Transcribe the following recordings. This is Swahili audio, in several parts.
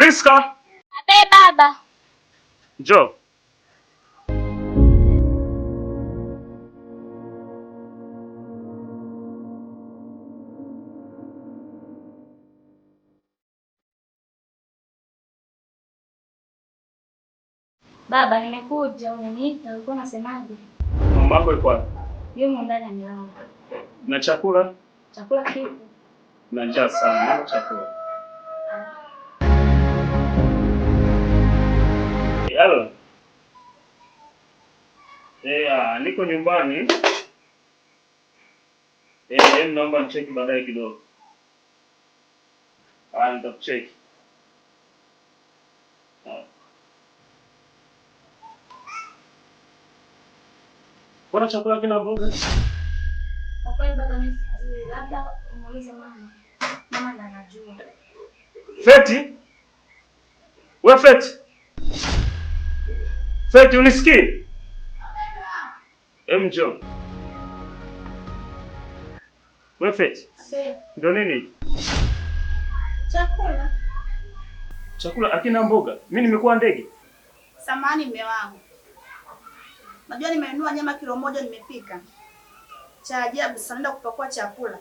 Priska. Abe baba. Jo. Baba, nimekuja unaniita, ulikuwa unasemaje? Mambo yako yuko wapi? Yumo ndani analala. Na chakula? Chakula kipi? Na njaa sana, chakula. Ah. Hello. Eh, ah, niko nyumbani. Eh, naomba nicheki baadaye kidogo. Ah, nitakucheki. Kuna chakula kina mboga? Feti? We Feti? Feti unisikii? Hem, njoo. Wewe Feti. Ndio nini? Chakula. Chakula akina mboga. Mimi nimekuwa ndege. samani mume wangu. Najua nimenunua nyama kilo moja nimepika. Cha ajabu sana kupakua chakula.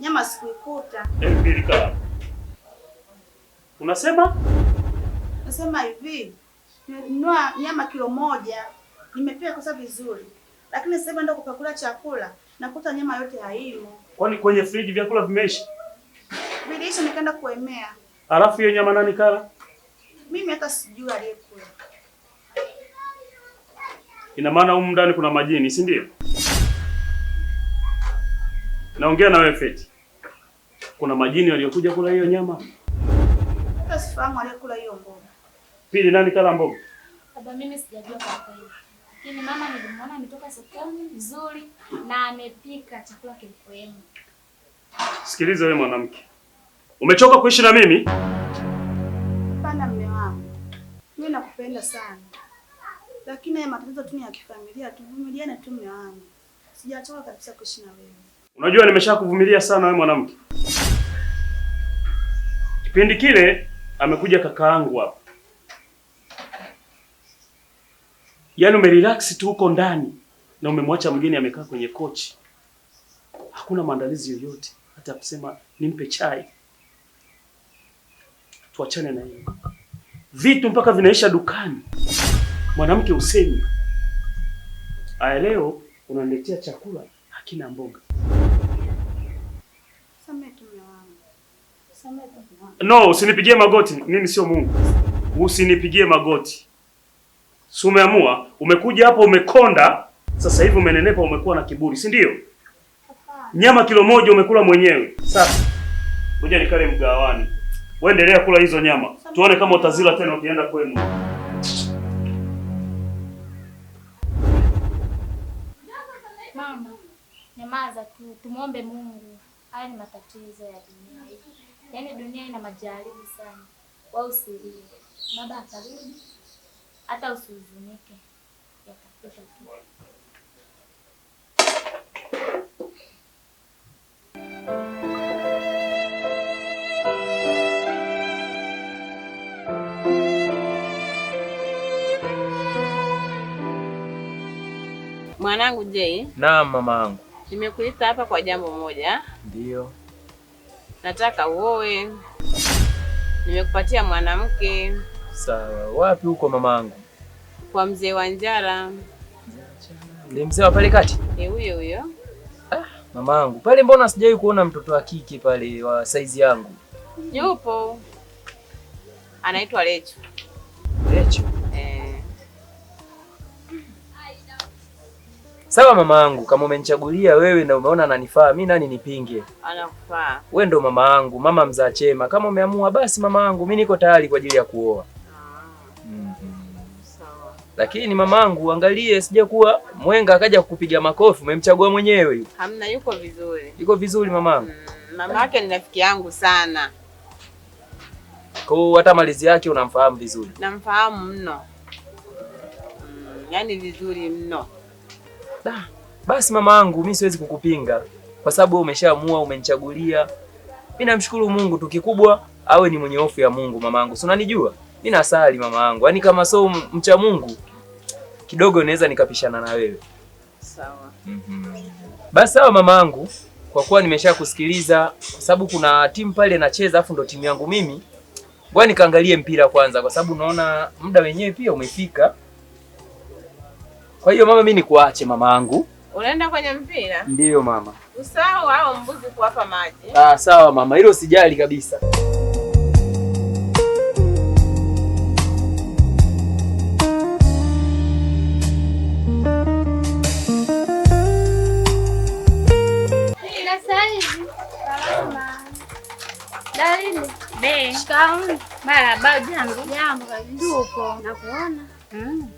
Nyama sikuikuta. Elfu mbili. Unasema? Nasema hivi nilinunua nyama kilo moja, nimepika kosa vizuri, lakini sasa hivi naenda kupakula chakula nakuta nyama yote haimo. Kwani kwenye friji vyakula vimeisha? Vilisha nikaenda kuemea. Alafu hiyo nyama nani kala? Mimi hata sijui aliyekula. Ina maana huko ndani kuna majini, si ndio? Naongea na wewe Feti. Kuna majini waliokuja kula hiyo nyama? Hata sifahamu aliyekula hiyo mboga. Pili, nani kala mboga? Baba mimi sijajua kwa kweli, lakini mama nilimwona ametoka sokoni vizuri na amepika chakula kilikuwemo. Sikiliza wewe mwanamke, umechoka kuishi na mimi? Hapana mme wangu, mimi nakupenda sana, lakini haya matatizo tu ni ya kifamilia, tuvumiliane tu mme wangu, sijachoka kabisa kuishi na wewe. Unajua nimeshakuvumilia sana wewe mwanamke. Kipindi kile amekuja kakaangu hapa Yaani umerelax tu huko ndani na umemwacha mgeni amekaa kwenye kochi, hakuna maandalizi yoyote, hata kusema nimpe chai. Tuachane na hiyo vitu, mpaka vinaisha dukani. Mwanamke usemi aya, leo unaniletea chakula hakina mboga. No, usinipigie magoti, mimi sio Mungu, usinipigie magoti. Si umeamua, umekuja hapo umekonda, sasa hivi umenenepa, umekuwa na kiburi, si ndio? Nyama kilo moja umekula mwenyewe. Sasa ngoja nikale mgawani, wewe kula hizo nyama, tuone kama utazila tena ukienda kwenu. Mama, nyamaza tu, tumwombe Mungu. Haya ni matatizo ya dunia hii, yaani dunia ina majaribu sana. Wausilie baba akarudi hata usihuzunike, Mwanangu j Naam, mama yangu. Nimekuita hapa kwa jambo moja. Ndio. Nataka uoe. Nimekupatia mwanamke Sawa, wapi huko mamangu? Kwa mzee wa Njara. Ni mzee wa pale kati? Eh, huyo huyo. Ah, mamangu pale, mbona sijawahi kuona mtoto wa kike pale wa saizi yangu? Yupo, anaitwa Lecho. Lecho. Eh. Sawa mama mamangu, kama umenichagulia wewe na umeona ananifaa mimi, nani nipinge? Anakufaa wewe, ndo mama yangu, mama mzaa chema. Kama umeamua basi, mama yangu, mimi niko tayari kwa ajili ya kuoa. Lakini mamangu, angalie sija kuwa mwenga akaja kukupiga makofi. Umemchagua mwenyewe. Hamna, yuko vizuri, yuko vizuri mamangu. Mm, mama yake ni rafiki yangu sana. Kwa hata malizi yake unamfahamu vizuri? Namfahamu mno. Mm, yani vizuri mno. Da, basi mamangu, mimi siwezi kukupinga kwa sababu wewe umeshaamua, umenichagulia. Mimi namshukuru Mungu tu, kikubwa awe ni mwenye hofu ya Mungu mamangu, si unanijua? Mimi nasali mama yangu, yaani kama so mcha Mungu kidogo naweza nikapishana na wewe sawa. mm Basi sawa mama yangu, kwa kuwa kusikiliza kwa sababu kuna timu pale nacheza, afu ndo timu yangu mimi. Ngoja nikaangalie mpira kwanza, kwa sababu naona muda wenyewe pia umefika. Kwa hiyo mama, mimi nikuache mama yangu. Unaenda kwenye mpira? Ndiyo mama. Usawa au mbuzi kuwapa maji? Ah, sawa mama, hilo sijali kabisa. Be. Shikamoo. Marahaba, jambo. Jambo kabisa. Tupo. Nakuona. Mm.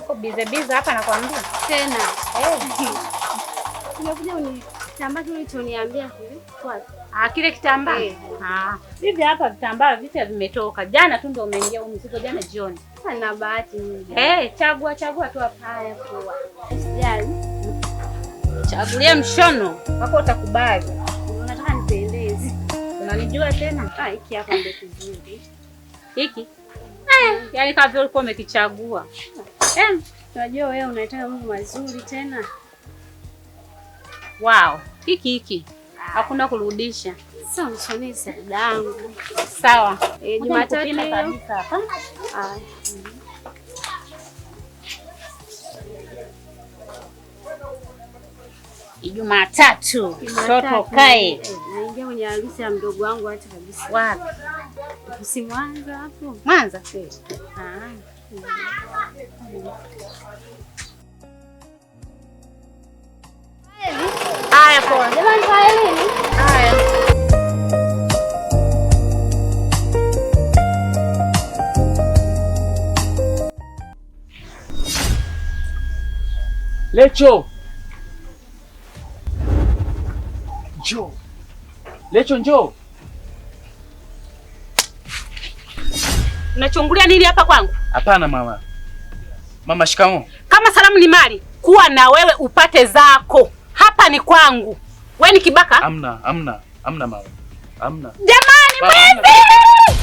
Uko bize bize hapa nakwambia. Tena. Eh. Nimekuja unitambaa kile ulichoniambia kwanza. Ah, kile kitambaa. Eh. Ah. Vipi hapa vitambaa vipya vimetoka. Jana tu ndio umeingia huu mzigo jana jioni. Sana bahati Eh, chagua chagua tu hapa. Haya kwa. Usijali. Chagulia mshono. Wako utakubali. Unanijua tena? Ah, hiki hapa ndio kizuri. Hiki. Eh, yaani kama vile ulikuwa umekichagua. Eh, unajua wewe Mungu mazuri tena. Wow, hiki hiki. Hakuna kurudisha. Sasa Sawa. Eh, Jumatatu kabisa hapa. Ah. Jumatatu soto kae naingia kwenye harusi ya mdogo wangu acha kabisa. Wapi? Si Mwanza hapo. Mwanza kweli. Ah. Lecho. Njoo Lecho, njoo. Unachungulia nini hapa kwangu? Hapana mama. Mama, shikamo. Kama salamu ni mali, kuwa na wewe upate zako. Hapa ni kwangu. Wewe ni kibaka? Amna, amna, amna mama. Amna. Jamani, mwezi!